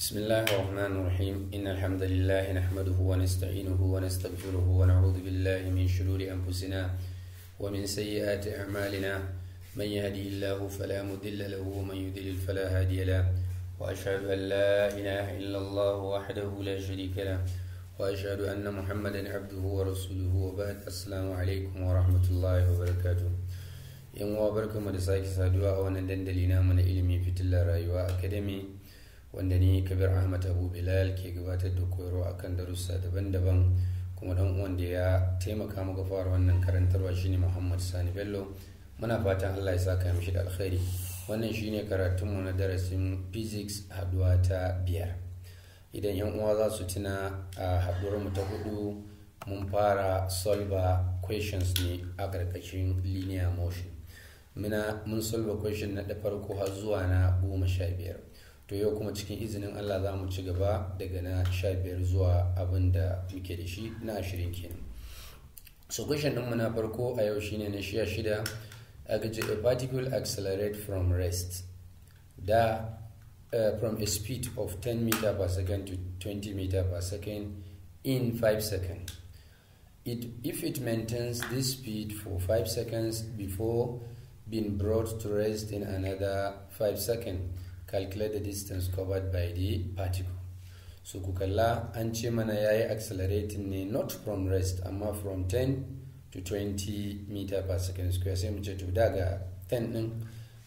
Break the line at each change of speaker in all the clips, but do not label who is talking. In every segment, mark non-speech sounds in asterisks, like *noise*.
بسم الله الرحمن الرحيم إن الحمد لله نحمده ونستعينه ونستغفره ونعوذ بالله من شرور أنفسنا ومن سيئات أعمالنا من يهدي الله فلا مضل له ومن يضلل فلا هادي له وأشهد أن لا إله إلا الله وحده لا شريك له وأشهد أن محمدا عبده ورسوله وبعد السلام عليكم ورحمة الله وبركاته yan uwa barkamu سادوا sake saduwa a wannan dandali namu na ilimi wanda ni kabir ahmad abu bilal ke gabatar da koyarwa akan darussa daban-daban kuma dan uwan ya taimaka muka fara wannan karantarwa shine muhammad sani bello muna fatan allah ya sa saka mishi da alkhairi wannan shine karatunmu na darasin physics haduwa ta biyar idan yan uwa za su tuna a haduwar mu ta hudu mun fara solver questions ne a ƙarƙashin linear motion muna mun solve question na da farko har zuwa na goma sha biyar to yau kuma cikin izinin allah za mu ci gaba daga na sha biyar zuwa abin da muke da shi na ashirin kenan so question ɗinmu na farko a yau shine na shiya shida a particle accelerate from rest da uh, from a speed of 10 meter per second to 20 meter per second in 5 seconds it, if it maintains this speed for 5 seconds before being brought to rest in another 5 seconds calculate the distance covered by the particle so ku kalla an ce mana ya yi accelerating ne not from rest amma from 10 to 20 meter per second square sai mu ce to daga 10 din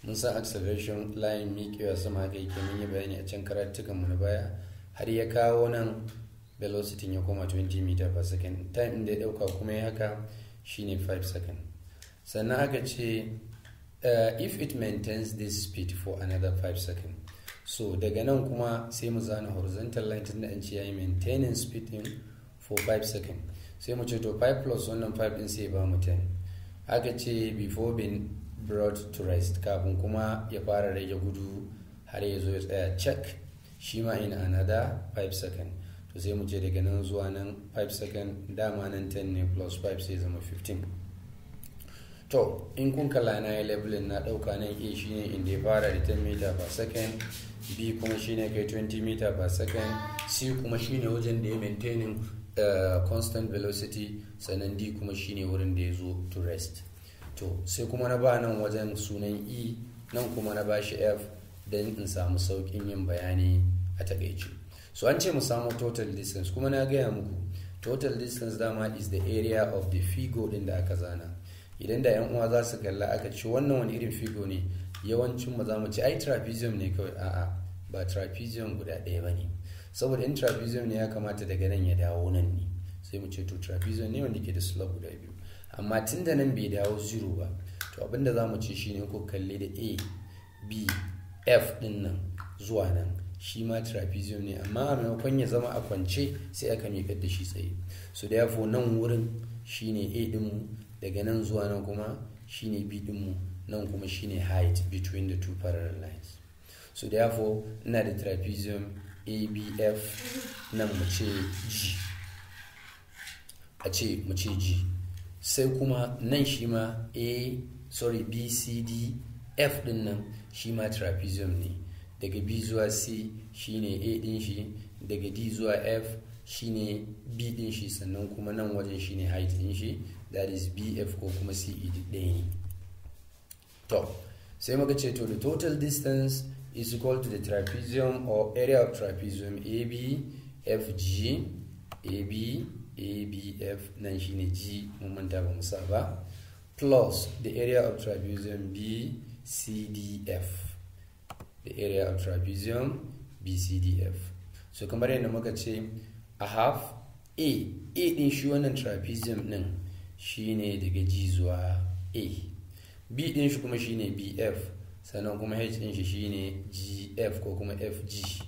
mun san acceleration line miƙewa sama haka yake mun yi bayani a can karatukan mu na baya har ya kawo nan velocity ya koma 20 meter per second time da ya dauka kuma ya haka shine 5 second sannan aka ce Uh, if it maintains this speed for another 5 seconds so daga nan kuma sai mu zana horizontal line tunda an ce yayi maintaining speed din for 5 seconds sai mu ce to 5 plus wannan 5 din sai ba mu 10 aka ce before being brought to rest kafin kuma ya fara rage gudu har ya zo ya tsaya check shi ma in another 5 seconds to sai mu ce daga nan zuwa nan 5 seconds dama nan 10 ne plus 5 sai zama 15 to in kun kalla na yi na ɗauka nan a shine inda ya fara da 10 meter per second b kuma shine kai 20 meter per second c kuma shine wajen da ya maintaining eh, constant velocity sannan d kuma shine wurin da ya zo to rest to sai kuma na ba nan wajen sunan e nan kuma na bashi f don in samu saukin yin bayani a takaice so an ce mu samu total distance kuma na gaya muku total distance dama is the area of the figure din da aka zana idan da yan uwa za su kalla aka ce wannan wani irin figo ne yawancin mu za mu ci ai trapezium ne kawai a'a ba trapezium guda ɗaya ba ne saboda in trapezium ne ya kamata daga nan ya dawo nan ne sai mu ce to trapezium ne wanda ke da slope guda biyu amma tun da nan bai dawo zero ba to abin da za mu ce shine ko kalle da a b f din nan zuwa nan shi ma trapezium ne amma a maimakon ya zama a kwance sai aka miƙar da shi tsaye so da nan wurin shine a dinmu. daga nan zuwa nan kuma shine b dinmu nan kuma shine height between the two parallel lines so therefore ina da trapezium abf nan mu ce g a ce mu g sai kuma nan shi ma a sorry bcd f din nan shi ma trapezium ne daga b zuwa c shine a din shi daga d zuwa f shine b din shi sannan kuma nan wajen shine height din shi that is bf ko kuma ced ɗaya ne to sai muka ce to the total distance is equal to the trapezium or area of trapezium ab fg ab abf nan shine g mun manta ba musa ba plus the area of trapezium bcdf the area of trapezium bcdf so kamar yadda muka ce a half a a din shi wannan trapezium din shine daga G zuwa A B din shi kuma shine BF sannan kuma H din shi shine GF ko kuma FG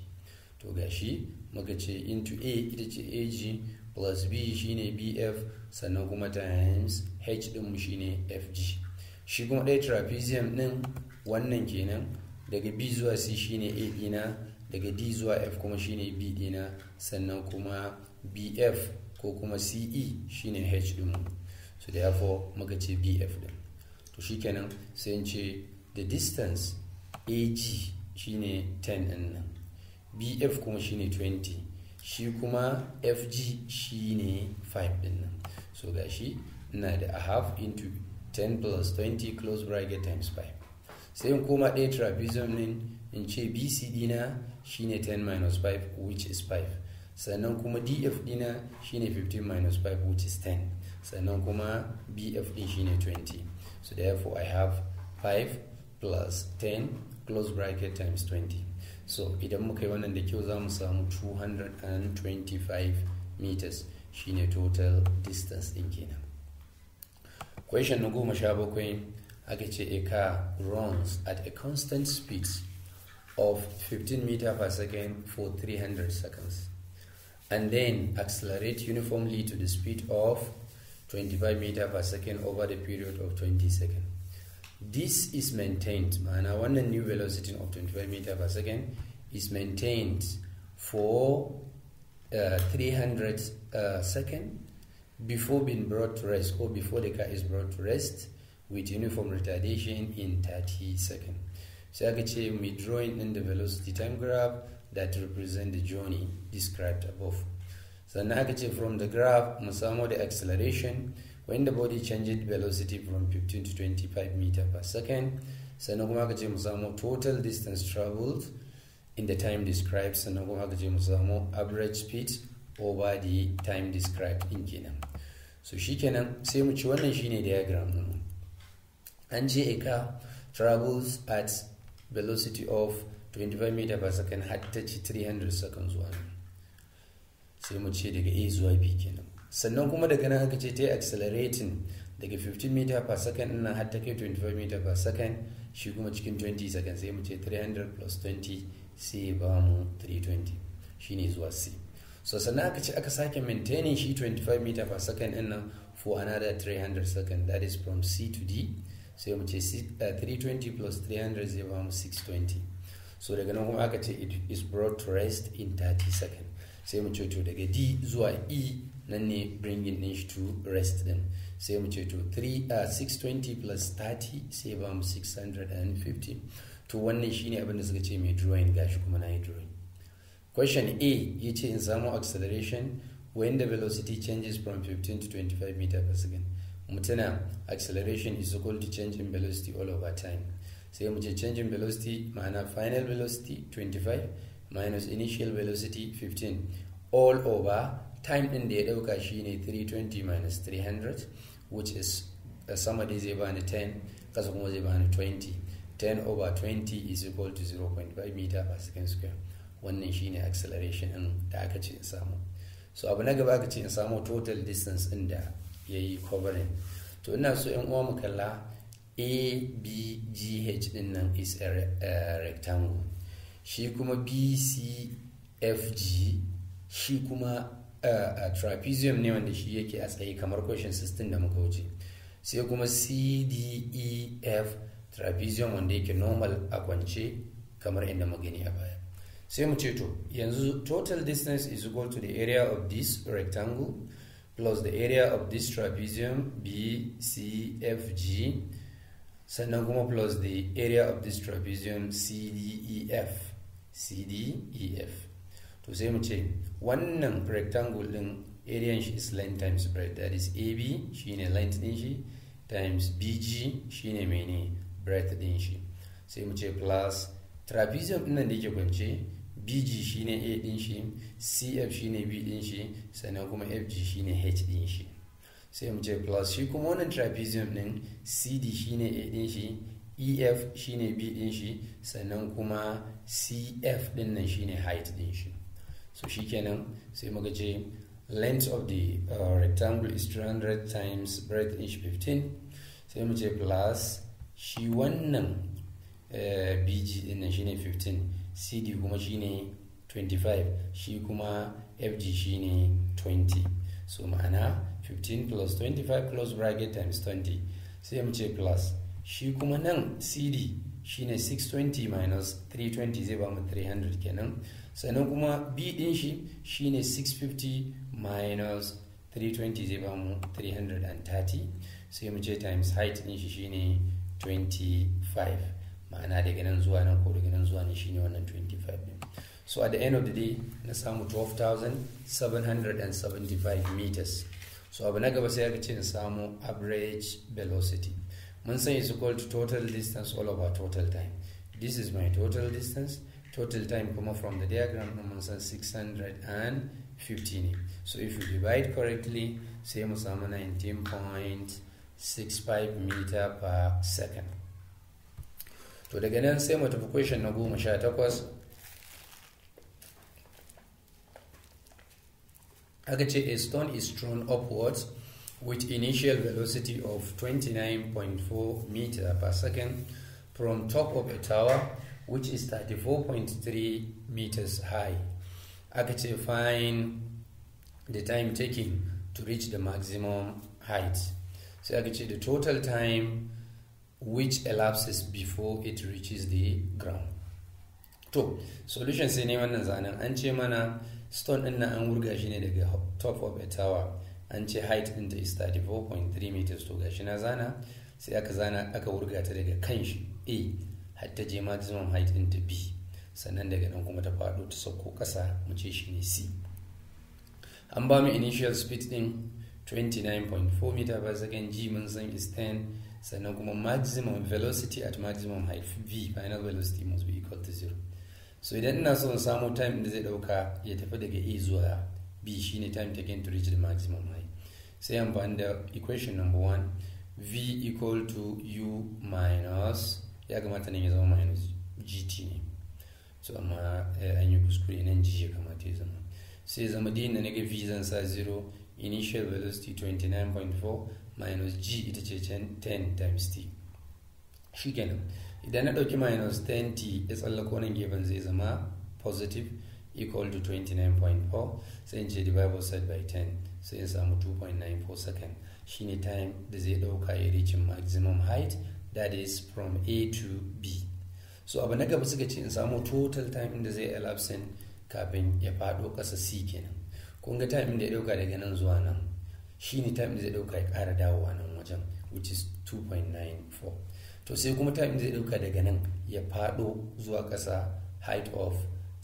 to gashi muka ce into A ita ce AG plus B shine BF sannan kuma times H din mu shine FG shi kuma ɗaya trapezium din wannan kenan daga B zuwa C shine A dina daga D zuwa F kuma shine B dina sannan kuma BF ko kuma CE shine H din mu so therefore muka ce bf din to shikenan sai in ce the distance ag shine 10 din nan bf kuma shine 20 shi kuma fg shine 5 din nan so gashi ina da a half into 10 plus 20 close bracket times 5 sai in koma ɗaya trapezium din in ce bc dina shine 10 minus 5 which is 5 sannan kuma df dina shine 15 minus 5 which is 10 sannan kuma bf din shine 20 so therefore i have 5 plus 10 close bracket times 20 so idan muka yi wannan da kyau za mu samu 225 meters shine total distance din kenan question na goma sha bakwai aka ce a car runs at a constant speed of 15 meter per second for 300 seconds and then accelerate uniformly to the speed of 25 meter per second over the period of 20 seconds. This is maintained, and I want a new velocity of 25 meter per second is maintained for uh, 300 uh, seconds before being brought to rest or before the car is brought to rest with uniform retardation in 30 seconds. So I can be drawing in the velocity time graph that represent the journey described above. sannan aka ce from the graph mu samo da acceleration when the body changes velocity from 15 to 25 meter per second sannan kuma aka ce mu samo total distance traveled in the time described sannan kuma aka ce mu samo average speed over the time described in kenan so shikenan sai mu ci wannan shine diagram din an ce a car travels at velocity of 25 meter per second har ta ci 300 seconds zuwa sai mu ce daga a zuwa b kenan sannan kuma daga nan aka ce ta yi accelerating daga 15 meter per second ina har ta kai 25 meter per second shi kuma cikin 20 second sai mu ce 300 plus 20 sai ba mu 320 shine zuwa c so sannan aka ce aka sake maintaining shi 25 meter per second ina for another 300 second that is from c to d sai mu ce 320 eh, plus 300 zai ba mu 620 so daga nan kuma aka ce it is brought to rest in 30 second sai mu ce to daga d zuwa e nan ne bringing din shi to rest din sai mu ce to 3 620 uh, plus 30 sai ba mu 650 to wannan shine abin da suka ce mai drawing gashi kuma na yi drawing question a ya ce in samu acceleration when the velocity changes from 15 to 25 meter per second mutuna acceleration is equal to change in velocity all over time sai mu ce change in velocity ma'ana final velocity 25 minus initial velocity 15 all over time din da ya dauka shine 320 minus 300 which is sama dai zai bani 10 kasa kuma zai bani 20 10 over 20 is equal to 0.5 meter per second square wannan shine acceleration din da aka ce in samu so abu na gaba aka ce in samu total distance din da yayi covering to ina so yan uwa mu kalla abgh din nan is a rectangle shi kuma bcfg shi kuma uh, trapezium ne wanda shi yake a tsaye kamar question system da muka wuce sai kuma cdef trapezium wanda yake normal a kwance kamar inda magani a baya sai mu ce to yanzu total distance is equal to the area of this rectangle plus the area of this trapezium bcfg sannan kuma plus the area of this trapezium cdef cdef to sai mu ce wannan rectangle din area shi is length times breadth that is ab shine length din shi times bg shine mene breadth din shi sai mu ce plus trapezium din nan da yake kwance bg shine a din shi cf shine b din shi sannan kuma fg shine h din shi sai mu ce plus shi kuma wannan trapezium din cd shine a din shi ef shine b din shi sannan kuma cf din nan shine height din shi so shikenan sai muka ce length of the uh, rectangle is 300 times breadth inch 15 sai mu ce plus shi wannan uh, eh, bg din nan shine 15 cd kuma shine 25 shi kuma fg shine 20 so ma'ana 15 plus 25 close bracket times 20 sai mu ce plus shi kuma nan cd shine 620 minus 320 zai ba mu 300 kenan sannan kuma b din shi shine 650 minus 320 zai ba mu 330 sai mu ce times height din shi shine 25 ma'ana daga nan zuwa nan ko daga nan zuwa nan shine wannan 25 din so at the end of the day na samu 12,775 meters so abu na gaba sai ya ce na samu average velocity Mansa is equal to total distance all over total time. This is my total distance. Total time come from the diagram from Mansa 615. So if you divide correctly, same as 19.65 meter per second. To the nan same multiplication, tafi question na goma a stone is thrown upwards with initial velocity of 29.4 meter per second from top of a tower which is 34.3 meters high aka ce find the time taking to reach the maximum height sai aka ce the total time which elapses before it reaches the ground to solution sai ne wannan zanen an ce mana stone ɗin na an wurga shi ne daga top of a tower an ce height ta is 34.3 meters to gashi na zana sai aka zana aka wurga ta daga kan shi a har ta je maximum height ta b sannan daga nan kuma ta faɗo ta sauko ƙasa mu ce shi ne c an ba mu initial speed ɗin 29.4 meter per second g mun san is 10 sannan kuma maximum velocity at maximum height v final velocity must be equal to zero so idan ina so in samu time da zai dauka ya tafi daga a zuwa b shine time taken to reach the maximum height sai amfani da equation number one v equal to u minus ya kamata ne ya zama minus gt ne so amma eh, an yi kuskure nan g ya kamata ya zama sai zama da na ga v zan sa 0 initial velocity 29.4 minus g ita ce 10 times t shi kenan idan na ɗauki minus 10 t ya tsallako nan gefen zai zama positive equal to 29.4 sai in ce divide both side by 10 sai ya samu 2.94 second shine time da zai dauka ya reaching maximum height that is from a to b so abu na gaba suka ce in samu total time inda zai elapse kafin ya fado kasa c kenan kun ga time da ya dauka daga nan zuwa nan shine time da zai dauka ya kara dawowa nan wajen which is 2.94 to sai kuma time da zai dauka daga nan ya fado zuwa kasa height of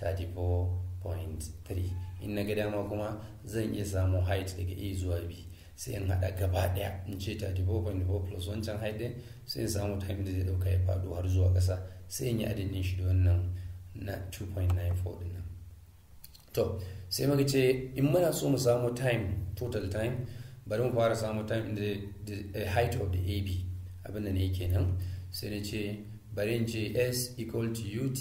34.3 in na ga ma kuma zan iya samun height daga a zuwa b sai in haɗa gaba ɗaya in ce 34.4 plus wancan height din sai in samu time da zai ɗauka ya fado har zuwa kasa sai in yi adadin shi da wannan na 2.94 to sai muka ce in muna so mu samu time total time bari mu fara samu time in the, eh, height of the ab abin da ne kenan sai na ce bari in ce s equal to ut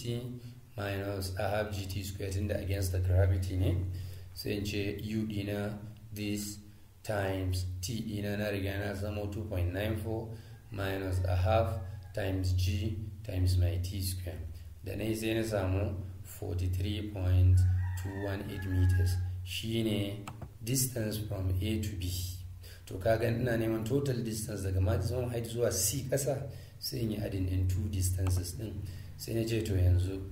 minus I have gt square tunda against the gravity ne sai in ce u dina this times t dina na riga na zama 2.94 minus a half times g times my t square da na sai na samu 43.218 meters shine distance from a to b to kaga ina neman total distance daga maximum height zuwa c kasa sai in yi adin in two distances din sai na ce to yanzu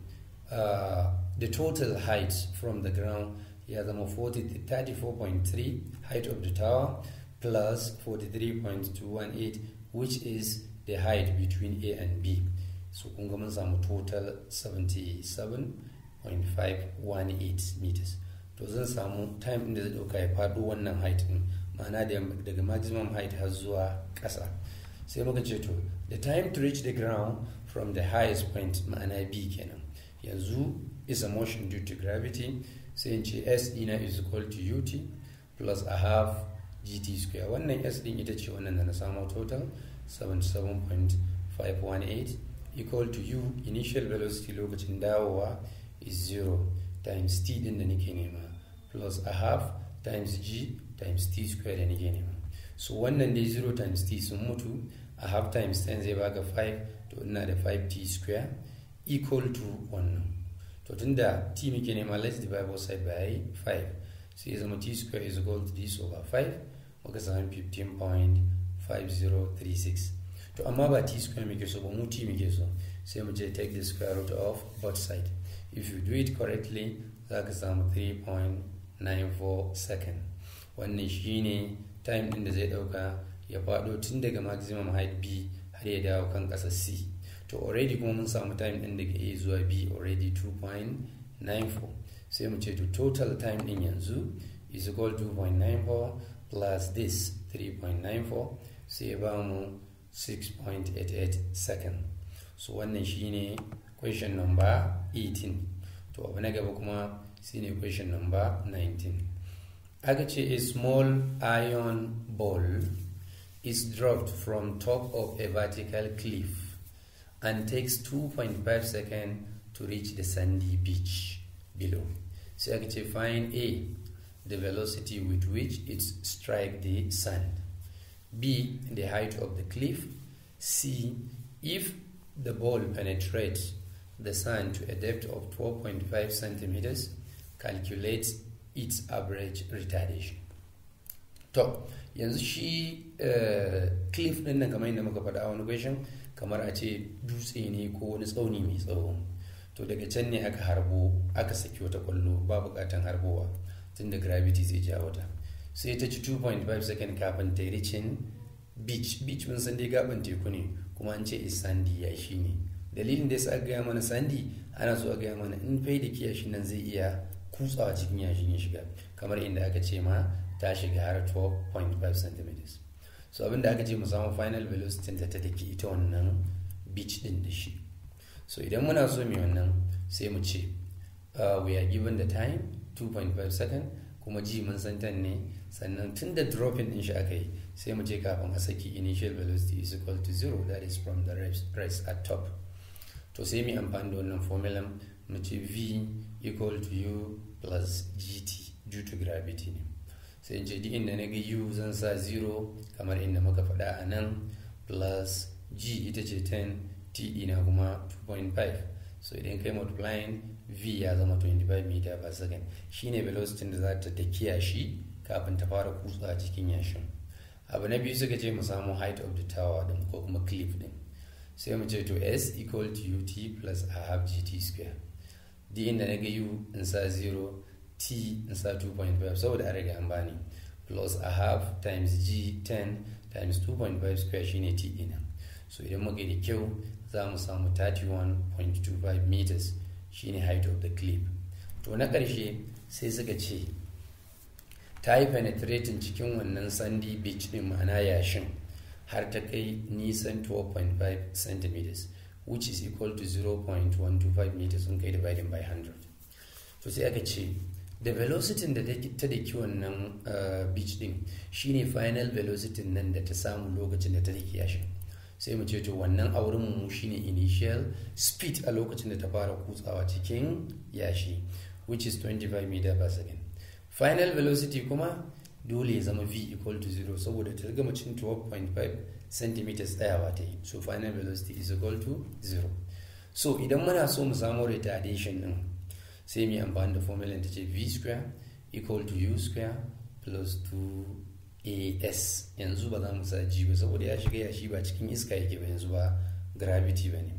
Uh, the total height from the ground ya zama 34.3 height of the tower plus 43.218 which is the height between A and B so kun ga mun samu total 77.518 meters to zan samu time inda zai dauka ya faɗo wannan height din ma'ana daga maximum height har zuwa ƙasa sai muka ce to the time to reach the ground from the highest point ma'ana B kenan yanzu is a motion due to gravity sai in ce s dina is equal to ut plus a half gt square wannan s din ita ce wannan da na samu total 77.518 equal to u initial velocity lokacin dawowa is 0 times t din da nake nema plus a half times g times t square da nake nema so wannan dai 0 times t sun mutu a half times 10 zai baka 5 to ina da 5t square equal to 1. to tunda t muke nema let's divide both side by 5 sai ya zama t square is equal to this over 5 muka samu 15.5036 to amma ba t square muke so ba mu t muke so sai mu je take the square root of both side if you do it correctly za ka samu 3.94 second wannan shine time din da zai dauka ya faɗo tun daga maximum height b har ya dawo kan ƙasa c to already kuma mun samu time ɗin daga a zuwa b already 2.94 sai mu ce to total time ɗin yanzu is equal to 2.94 plus this 3.94 sai ba mu 6.88 second so wannan shine question number 18 to abu na gaba kuma shine question number 19 aka ce a small iron ball is dropped from top of a vertical cliff and takes 2.5 seconds to reach the sandy beach below. So I can find A, the velocity with which it strikes the sand. B, the height of the cliff. C, if the ball penetrates the sand to a depth of 12.5 centimeters, calculate its average retardation. To, yanzu shi eh, cliff ɗin nan kamar muka faɗa a wani question kamar a ce dutse ne ko wani tsauni mai tsawo to daga can ne aka harbo aka saki wata kwallo ba bukatan harbowa tunda gravity zai ja wata sai ta ci 2.5 second kafin ta ricin beach beach mun san gaban teku ne kuma an ce is sandy ya shi ne dalilin da ya sa gaya mana sandy ana so a gaya mana in fai da kiyashi nan zai iya kutsawa cikin yashin ya shiga kamar inda aka ce ma ta shiga har 12.5 cm so abinda aka ce mu samu final velocity ta ta dake ita wannan beach din da shi so idan muna so mai wannan sai mu ce uh, we are given the time 2.5 second kuma ji mun san tan ne sannan tun da dropping din shi aka yi sai mu ce kafin a saki initial velocity is equal to zero that is from the rest at top to sai mu amfani da wannan formula mu ce v equal to u plus gt due to gravity ne sai in ce inda na ga u zan sa 0 kamar inda muka faɗa a nan plus g ita ce 10 t na kuma 2.5 so idan kai multiplying v ya zama 25 meter per second shine velocity da za ta takiya shi kafin ta fara kutsa a cikin yashin abu na biyu suka ce mu samu height of the tower din ko kuma cliff din sai mu ce to s equal to ut plus a half gt square d inda na ga u in sa 0 t nsa 2.5 saboda an riga an plus a half times g 10 times 2.5 square shine t ina so idan muka da kyau za mu samu 31.25 meters shine height of the clip to na ƙarshe sai suka ce ta yi penetrating cikin wannan sandy beach din ma'ana yashin har ta kai nisan 12.5 centimeters which is equal to 0.125 meters sun kai dividing by 100 to sai aka ce da velocity da ta daki wannan uh, beach din shine final velocity nan da ta samu lokacin da ta daki yashi, sai mu ce to wannan auren mu shine initial speed a lokacin da ta fara kutsawa cikin yashi which is 25 meter per second final velocity kuma dole ya zama v equal to 0 saboda ta gama cin 12.5 cm tsayawa ta yi so final velocity is equal to 0 so idan muna so mu samu retardation din sai mu yi amfani da formula ta ce v square equal to u square plus 2as yanzu ba za mu sa g ba saboda ya shiga yashi ba cikin iska yake ba yanzu ba gravity ba ne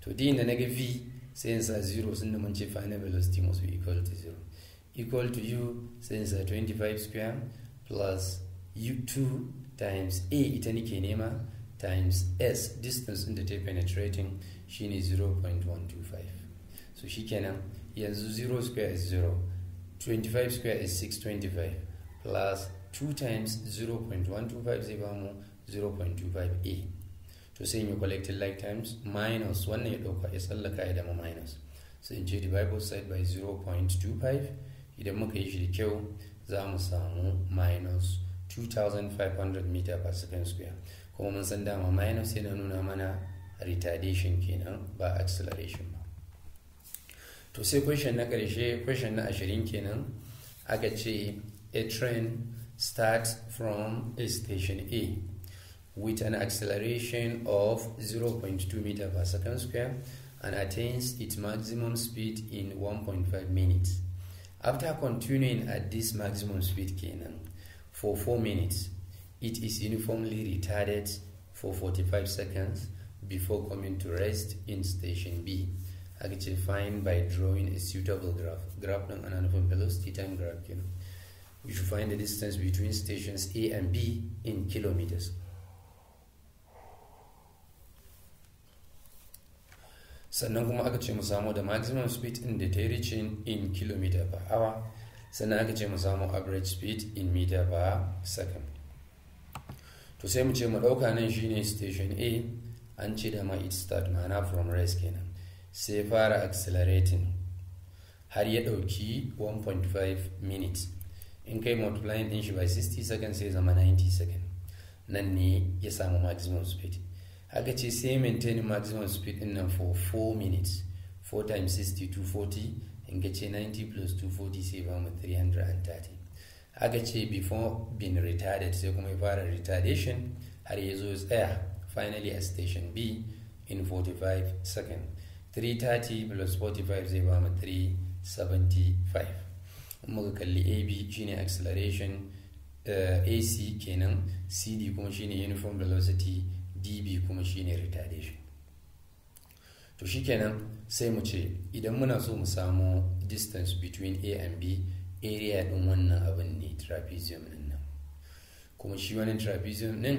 to din da na ga v sai yin sa 0 sun da mun ce final velocity must be equal to 0 equal to u sai yin sa 25 square plus u2 times a ita nake nema times s distance inda ta penetrating shine 0.125 so shikenan yanzu 0 square is 0 25 square is 625 plus 2 times 0.125 zai bamu 0.25a to sai in yi collected like times minus wannan ya dauka ya tsallaka ya dama minus so in ce divide both by 0.25 idan muka yi shi da kyau za mu samu minus 2500 meter per second square kuma mun san dama minus yana nuna mana retardation kenan ba acceleration to sai question na ƙarshe question na ashirin kenan aka ce a train starts from a station a with an acceleration of 0.2 meter per second square and attains its maximum speed in 1.5 minutes after continuing at this maximum speed kenan for 4 minutes it is uniformly retarded for 45 seconds before coming to rest in station b aka ce find by drawing a suitable graph graph din ana nufin velocity time graph kenan you should find the distance between stations A and B in kilometers sannan kuma aka ce mu samu da maximum speed in the reaching in kilometer per hour sannan aka ce mu samu average speed in meter per second to sai mu ce mu dauka nan shine station A an ce da ma it start mana from rest kenan sai fara accelerating har ya dauki 1.5 minutes in kai multiplying din shi by 60 seconds sai zama 90 seconds nan ne ya samu maximum speed haka ce sai maintain maximum speed din nan for 4 minutes 4 times 60 240 in ka ce 90 plus 240 sai bamu 330 haka ce before being retarded sai kuma ya fara retardation har ya zo tsaya finally a station b in 45 seconds 330 plus 45 zai ba mu 375 muka kalli ab shine acceleration uh, eh, ac kenan cd kuma shine uniform velocity db kuma shine retardation to shi kenan sai mu ce idan muna so mu samu distance between a and b area din wannan abin ne trapezium din nan kuma shi wani trapezium din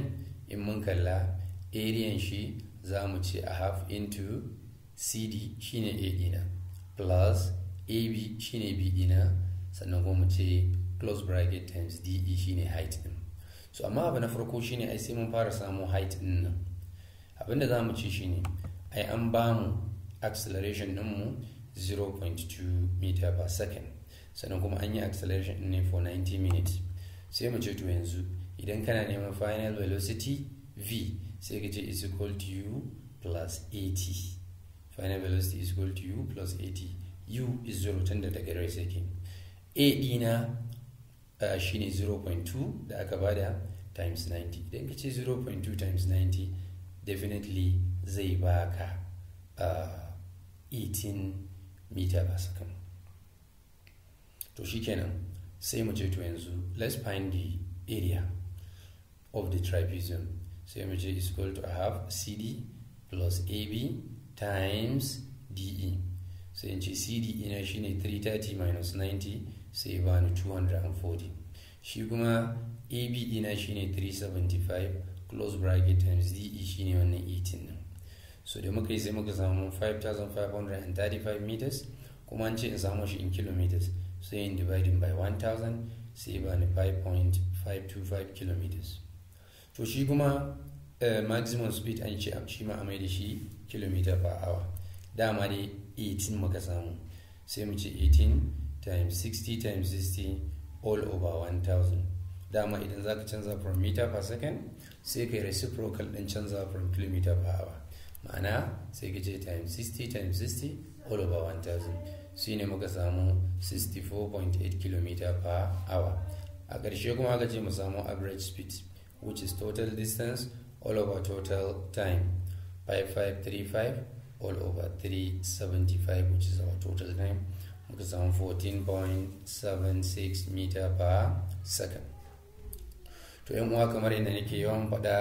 in mun kalla area shi za mu ce a half into cd shine a dina plus ab shine b dina sannan kuma mu ce close bracket times de shine height din so amma abu na farko shine ai sai mun fara samu height din nan abinda za mu ci shine ai an ba mu acceleration din mu 0.2 meter per second sannan kuma an yi acceleration din ne for 90 minutes sai mu ce to yanzu idan kana neman final velocity v sai ka ce is equal to u plus 80 final velocity is equal to u plus at u is 0 tun da daga rai sake a dina uh, shine 0.2 da aka bada times 90 idan ka ce 0.2 times 90 definitely zai baka uh, 18 meter per second to shikenan sai mu ce to yanzu let's find the area of the trapezium sai mu ce is equal to a half cd plus ab times DE So in ce CDE na shine 330 minus 90 sai 240 shi kuma ab e na shine 375 close bracket times DE shine wannan 18 so da muka is sai muka 5535 meters kuma an ce in samu shi in kilometers So in dividing by 1000 sai bani 5.525 kilometers to shi kuma Eh, maximum speed an ce shi ma a mai da shi km per hour dama ne 18 muka samu sai mu ce 18 times 60 times 60 all over 1000 dama idan za ka canza from meter per second sai ka yi reciprocal ɗin canza from kilometer per hour ma'ana sai ka ce times 60 times 60 all over 1000 shi ne muka samu 64.8 kilometer per hour a ƙarshe kuma aka ce mu samu average speed which is total distance all over total time 5535 all over 375 which is our total time muka I'm 14.76 meter per second to yan uwa kamar yadda nake yawan faɗa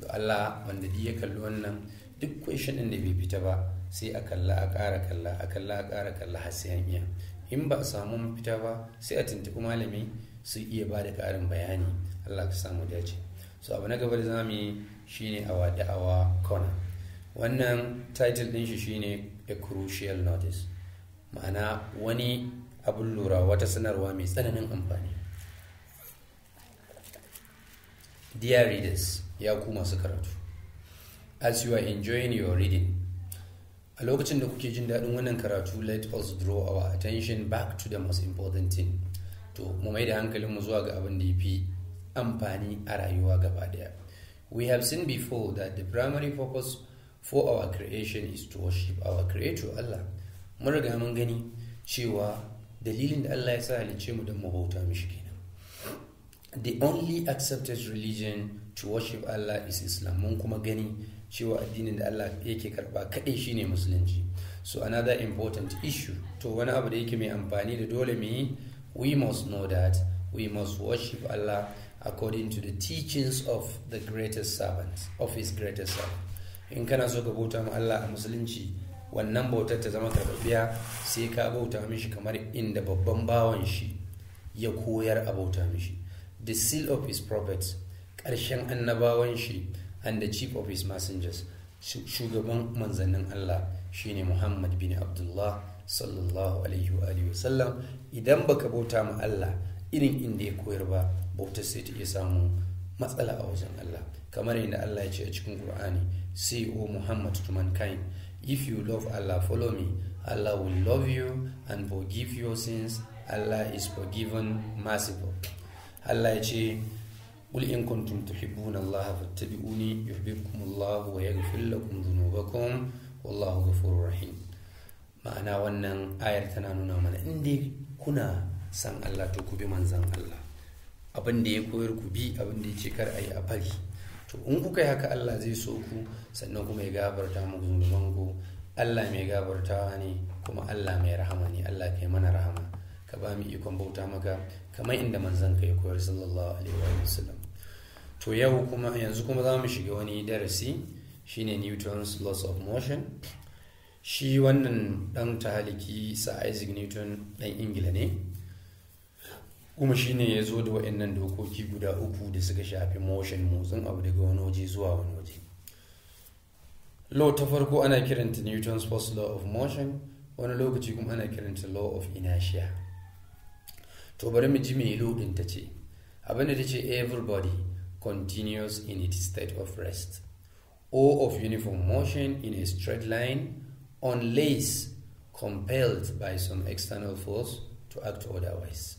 ga Allah wanda ya kalli wannan duk question din da bai fita ba sai a kalla a ƙara kalla a kalla a ƙara kalla har sai an iya in ba a samu mafita ba sai a tuntuɓi malami su iya ba da ƙarin bayani Allah ka samu dace so abu na gaba da mu yi shine awa da'awa corner wannan title din shi shine a crucial notice ma'ana wani abin lura wata sanarwa mai tsananin amfani dear readers ya ku masu karatu as you are enjoying your reading a lokacin da kuke jin daɗin wannan karatu let us draw our attention back to the most important thing to mu mai da hankalinmu zuwa ga abin da ya fi amfani a rayuwa gaba daya we have seen before that the primary purpose for our creation is to worship our creator Allah mun riga mun gani cewa dalilin da Allah ya sa halice mu don mu bauta mishi kenan the only accepted religion to worship Allah is Islam mun kuma gani cewa addinin da Allah yake karba kaɗai shine musulunci so another important issue to wani abu da yake mai amfani da dole mu yi we must know that we must worship Allah according to the teachings of the greatest servant of his greatest servant in kana so ka bauta ma Allah a musulunci wannan bautar ta zama karɓaɓɓiya sai ka bauta mishi kamar inda babban bawan shi ya koyar a bauta mishi the seal of his prophets ƙarshen annabawan shi and the chief of his messengers shugaban manzannin Allah shine Muhammad bin Abdullah sallallahu alaihi wa sallam idan baka bauta ma Allah irin inda ya koyar ba bautar sai ta iya samu matsala a wajen Allah kamar yadda Allah ya ce a cikin Qur'ani say o Muhammad to mankind if you love Allah follow me Allah will love you and forgive your sins Allah is forgiven merciful Allah ya ce قل إن كنتم تحبون الله فاتبعوني يحببكم الله ويغفر لكم ذنوبكم والله غفور رحيم ma'ana wannan ayar tana nuna mana inda kuna san Allah to ku bi manzan Allah abin ya koyar ku bi abin ya ce kar a yi a bari to in kuka yi haka Allah zai so ku sannan kuma ya gabarta mu ku Allah mai gabartawa ne kuma Allah mai rahama ne Allah kai mana rahama ka ba mu ikon bauta maka kamar inda manzan ka ya koyar sallallahu alaihi wa sallam to yau kuma yanzu kuma za mu shiga wani darasi shine Newton's laws of motion shi wannan dan tahaliki Sir Isaac Newton dan Ingila ne kuma shine ya zo da wa'annan dokoki guda uku da suka shafi motion motsin abu daga wani waje zuwa wani waje law ta farko ana kiranta newton's first law of motion wani lokaci kuma ana kiranta law of inertia to bari mu ji mai law ta ce abinda ta ce everybody continues in its state of rest or of uniform motion in a straight line unless compelled by some external force to act otherwise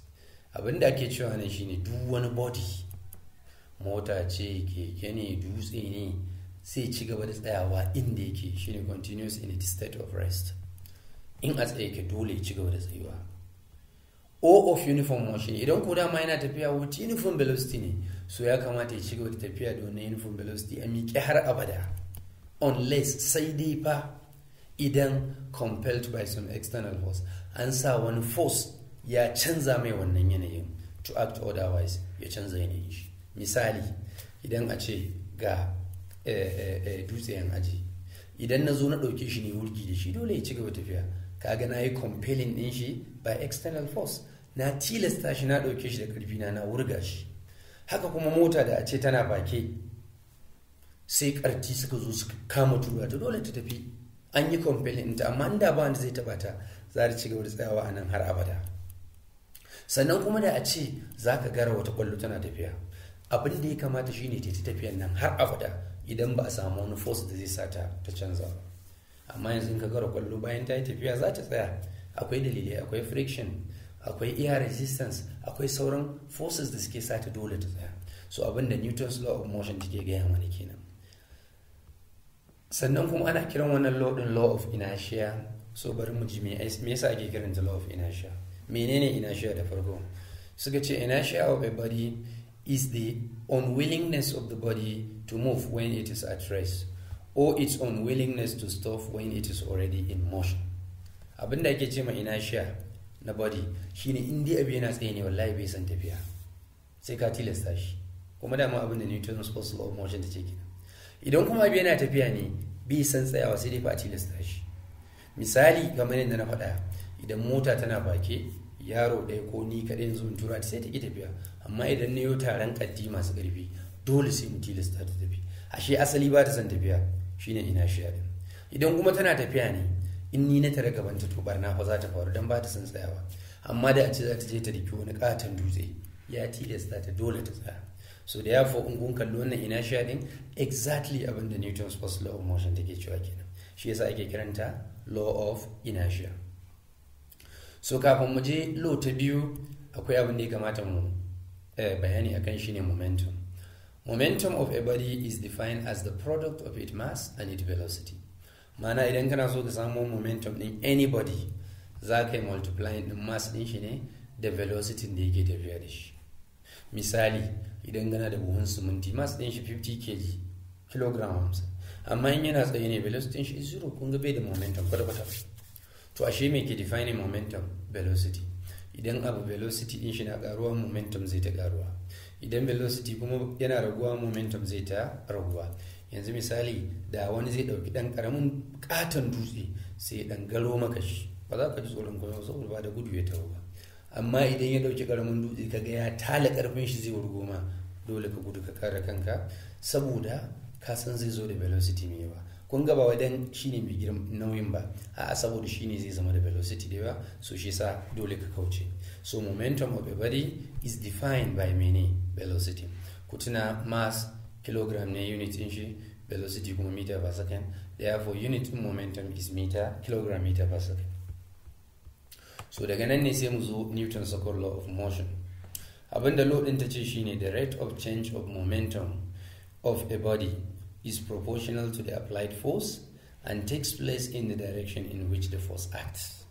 abin da ake cewa ne shine duk wani body mota ce keke ne dutse ne sai ci gaba da tsayawa inda yake shine continuous in its state of rest in a tsaye ke dole ci gaba da tsayuwa o of uniform motion idan ko dama yana tafiya wuce uniform velocity ne so ya kamata ya ci gaba da tafiya da wannan uniform velocity a miƙe har abada unless sai dai fa idan compelled by some external force an sa wani force ya canza mai wannan yanayin to act otherwise ya canza yanayin shi misali idan a ce ga eh, eh, eh, dutse yan aji idan na zo na ɗauke shi ne wurgi da shi dole ya ci gaba tafiya kaga na yi compelling din shi by external force na tilasta shi na ɗauke shi da ƙarfi na na wurga shi haka kuma mota da a ce tana bake sai ƙarti suka zo suka kama tura ta dole ta tafi an yi compelling ta amma inda ba wanda zai taba ta za ta ci gaba da tsayawa a nan har abada sannan kuma da a ce za ka gara wata kwallo tana tafiya abin da ya kamata shi ne ta tafiyan nan har abada idan ba a samu wani force da zai sa ta ta canza amma yanzu in ka gara kwallo bayan ta yi tafiya za ta tsaya akwai dalili, akwai friction akwai air resistance akwai sauran forces da suke sa ta dole ta tsaya so abin da newton's law of motion take gaya mana kenan sannan kuma ana kiran wannan law din law of inertia so bari mu ji me yasa ake kiranta law of inertia menene inertia da farko suka ce inertia of a body is the unwillingness of the body to move when it is at rest or its unwillingness to stop when it is already in motion abin da ake ce ma inertia na body shine indi abu yana tsaye ne wallahi bai san tafiya sai ka tilasta shi kuma dama abin da Newton's first law of motion ta ce idan kuma abu yana tafiya ne bai san tsayawa sai dai fa a tilasta shi misali game da na faɗa idan mota tana bake yaro ɗaya ko ni kaɗai yanzu in tura sai ta ki tafiya amma idan na yi taron ƙaddi masu ƙarfi dole sai mu tilasta ta tafi ashe asali ba ta son tafiya shine ina shiya din idan kuma tana tafiya ne in ni na tare gaban ta to na fa za ta faru dan ba ta son tsayawa amma da a ce za ta je ta riki wani ƙaton dutse ya tilasta ta dole ta tsaya so da ya fa ungun kallo wannan ina shiya din exactly abin da Newton's first law of motion take cewa kenan shi yasa ake kiranta law of inertia so kafin mu je lo ta biyu akwai abin da ya kamata mu eh, bayani akan shine momentum momentum of a body is defined as the product of its mass and its velocity mana idan kana so ka samun momentum din anybody za ka yi multiply din mass din shi ne da velocity da yake tafiya da shi misali idan gana da buhun siminti mass din shi 50 kg kilogram amma in yana tsaye ne velocity shi 0 kun ga bai da momentum kwata-kwata to ashe me ke define momentum velocity idan abu velocity din shi na karuwa momentum zai ta karuwa idan velocity kuma yana raguwa momentum zai ta raguwa yanzu misali da wani zai dauki dan karamin katon dutse sai dan galo maka shi ba za ka ji tsoron gwanon saboda ba da gudu ya taho ba amma idan ya dauki karamin dutse kaga ya tala karfin shi zai wurgoma dole ka gudu ka kare kanka saboda ka san zai zo da velocity mai yawa kun gaba ba wadan shine mai girma nauyin ba a saboda shine zai zama da velocity da yawa so shi sa dole ka kauce so momentum of a body is defined by many velocity kutuna tuna mass kilogram ne unit din shi velocity kuma meter per second therefore unit momentum is meter kilogram meter per second so daga nan ne sai mu zo newton's second law of motion abinda law din ta ce shine the rate of change of momentum of a body is proportional to the applied force and takes place in the direction in which the force acts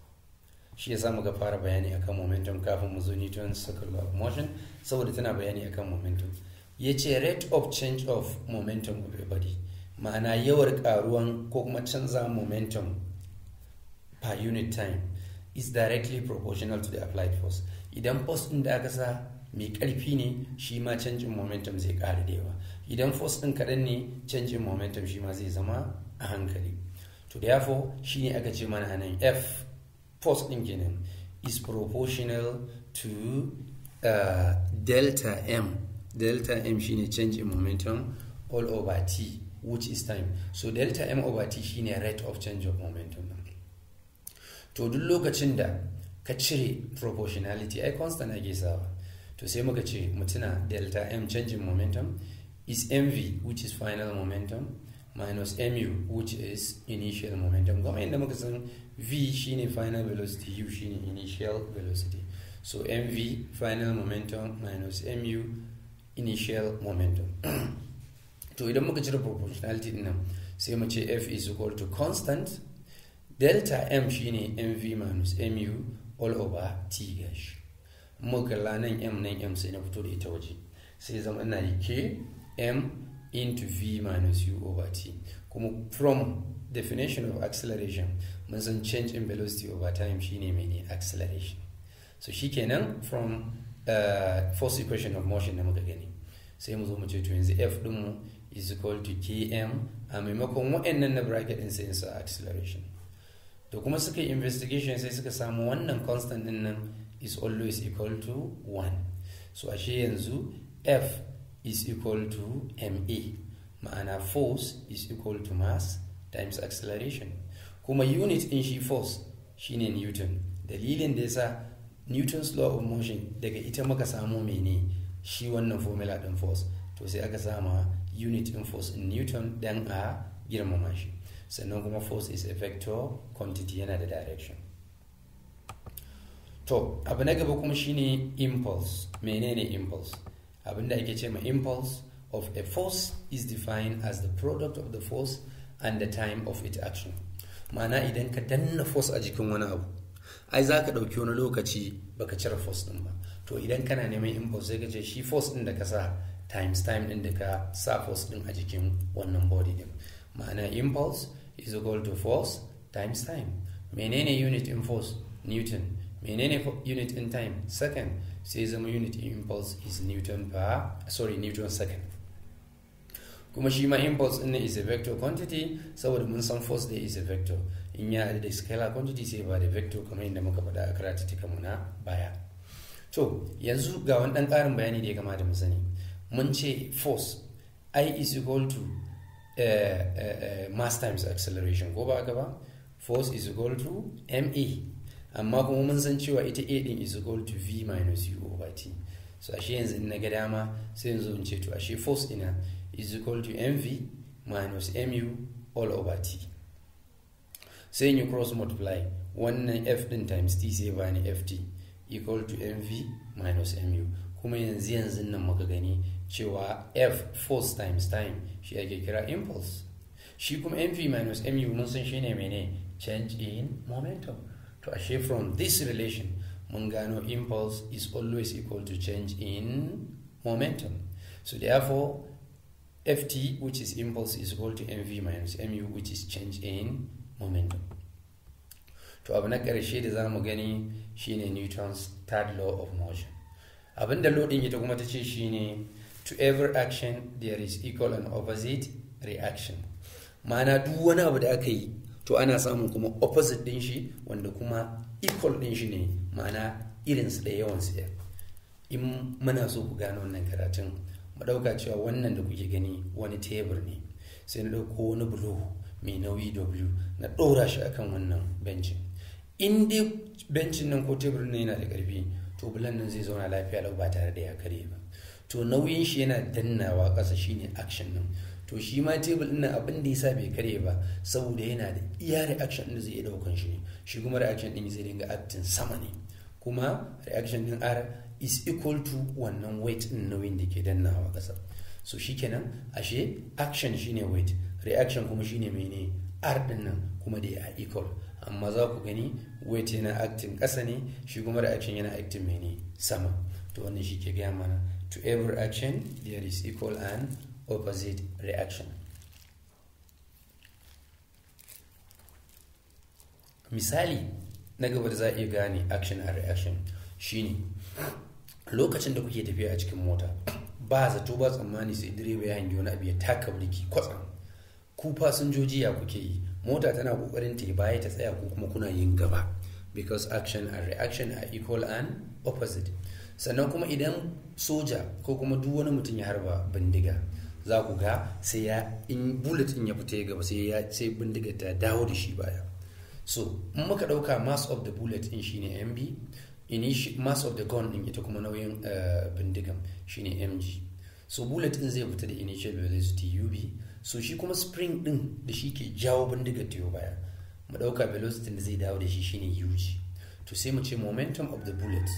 shi ya samu ga fara bayani akan momentum kafin mu zo newton circle of motion saboda tana bayani akan momentum ya ce rate of change of momentum of a body ma'ana yawar karuwan ko kuma canza momentum per unit time is directly proportional to the applied force idan force din da aka sa mai karfi ne shi ma canjin momentum zai ƙara da yawa idan force din kaɗan ne canjin momentum shi ma zai zama a hankali to therefore shi ne aka ce mana nan f force din kenan is proportional to uh, delta m delta m shine change in momentum all over t which is time so delta m over t shi ne rate of change of momentum to duk lokacin da ka cire proportionality ai constant ake sawa to sai muka ce mutuna delta m change in momentum is mv which is final momentum minus mu which is initial momentum kuma inda muka san v shine final velocity u shine initial velocity so mv final momentum minus mu initial momentum *clears throat* to idan muka cire proportionality din nan sai mu ce f is equal to constant delta m shine mv minus mu all over t gash muka la nan m nan m sai na fito da ita waje sai zama ina k m into v minus u over t kuma from definition of acceleration mun san change in velocity over time shine mene acceleration so shikenan from uh, force equation of motion da muka gani sai muzo zo mu ce to yanzu f din mu is equal to km a maimakon wa'annan na bracket din sai sa acceleration to kuma suka yi investigation sai suka samu wannan constant din nan is always equal to 1 so ashe yanzu f is equal to ma ma'ana force is equal to mass times acceleration kuma unit in shi force shine newton dalilin da yasa newton's law of motion daga ita muka samu mene shi wannan formula din force to sai aka sama unit in force in newton dan a girmama shi sannan kuma force is a vector quantity yana da direction to abu na gaba kuma shine impulse menene impulse abinda ake ce ma impulse of a force is defined as the product of the force and the time of its action ma'ana idan ka danna force a jikin wani abu ai za ka ɗauki wani lokaci baka cire force ɗin ba to idan kana neman impulse sai ka ce shi force ɗin da ka sa times time ɗin da ka sa force ɗin a jikin wannan body ɗin ma'ana impulse is equal to force times time menene unit in force newton menene unit in time second sai zama unit in impulse is newton per sorry newton second kuma shi ma impulse din is a vector quantity saboda mun san force da is a vector in ya da scalar quantity sai ba da vector kamar yadda muka faɗa a karatuttuka mu na baya to yanzu ga wani ɗan ƙarin bayani da ya kamata mu sani mun ce force i is equal to uh, uh, uh, mass times acceleration ko ba haka ba force is equal to ma amma kuma mun san cewa ita a din is equal to v minus u over t so ashe yanzu in na ga dama sai yanzu in ce to ashe force ina is equal to mv minus mu all over t sai in cross multiply wannan f din times t sai bani ft equal to mv minus mu kuma yanzu yanzu nan muka gani cewa f force times time shi ake kira impulse shi kuma mv minus mu mun san shi shine mene change in momentum to achieve from this relation mun gano impulse is always equal to change in momentum so therefore ft which is impulse is equal to mv minus mu which is change in momentum to abu na ƙarshe da za mu gani shine newton's third law of motion Abin da ɗin ita kuma ta ce shine to every action there is equal and opposite reaction ma'ana duk wani abu da aka yi to ana samun kuma opposite din shi wanda kuma equal din shi ne ma'ana irinsu da yawan su in muna so ku gano wannan karatun mu ɗauka cewa wannan da kuke gani wani tebur ne sai na ɗauko wani bulo mai nauyi w na ɗora shi akan wannan bencin in dai bencin nan ko tebur nan yana da ƙarfi to bulan nan zai zauna lafiya lau ba tare da ya karye ba to nauyin shi yana dannawa ƙasa shine action nan to shi ma tebul ɗin abin da yasa bai karye ba saboda yana da iya reaction ɗin da zai iya ɗaukan shi shi kuma reaction ɗin zai dinga actin sama ne kuma reaction ɗin r is equal to wannan weight ɗin nauyin da ke dannawa ƙasa so shikenan ashe action shine weight reaction kuma shine mene r ɗin nan kuma da ya equal amma za ku gani weight yana actin kasa ne shi kuma reaction yana actin mene sama to wannan shi ke gaya mana to every action there is equal and opposite reaction misali na gaba da za a iya gane action and reaction shine lokacin da kuke tafiya a cikin mota ba zato ba tsammani sai direba ya hangi wani abu ya taka kwatsam ku fasinjoji ya kuke yi mota tana kokarin ta baya ta tsaya ko kuma kuna yin gaba because action and reaction are equal and opposite sannan kuma idan soja ko kuma duk wani mutum ya harba bindiga za ku ga sai ya in bullet in ya fita ya gaba sai ya sai bindiga ta dawo da shi baya so in muka dauka mass of the bullet in shine mb mass of the gun in ita kuma nauyin eh, bindigan shine mg so bullet din zai fita da initial velocity ub so shi kuma spring din da shi ke jawo bindigar ta baya mu dauka velocity da zai dawo da shi shine ug to sai mu ce momentum of the bullet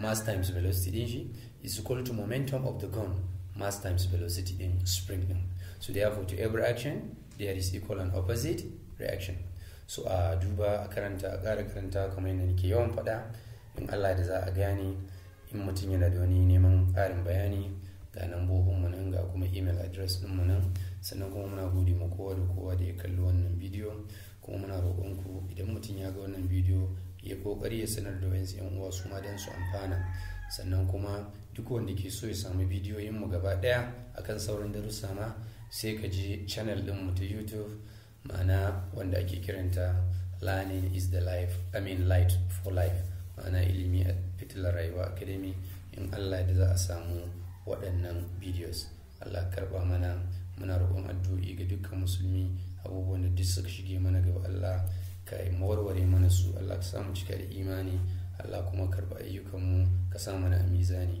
mass times velocity din shi is equal to momentum of the gun mass times velocity din spring din so therefore to every action there is equal and opposite reaction so a duba a karanta a ƙara karanta kamar yadda nake yawan faɗa in allah da za a gane in mutum yana da wani neman ƙarin bayani ga nan mu nan ga kuma email address mu nan sannan kuma muna gode ma kowa da kowa da ya kalli wannan bidiyo kuma muna ku idan mutum ya ga wannan bidiyo ya kokari ya sanar da wayansu yan uwa su ma dan su amfana sannan kuma duk wanda ke so ya samu bidiyoyinmu gaba daya akan sauran darussa ma sai ka je channel mu ta youtube ma'ana wanda ake kiranta learning is the life i mean light for life ma'ana ilimi a fitilar rayuwa academy in allah da za a samu waɗannan videos allah karɓa mana muna roƙon addu'o'i ga dukkan musulmi abubuwan da duk suka shige mana gaba allah ka yi mawarware mana su allah ka samu cika da imani allah kuma karɓa ayyukanmu ka sa mana a mizani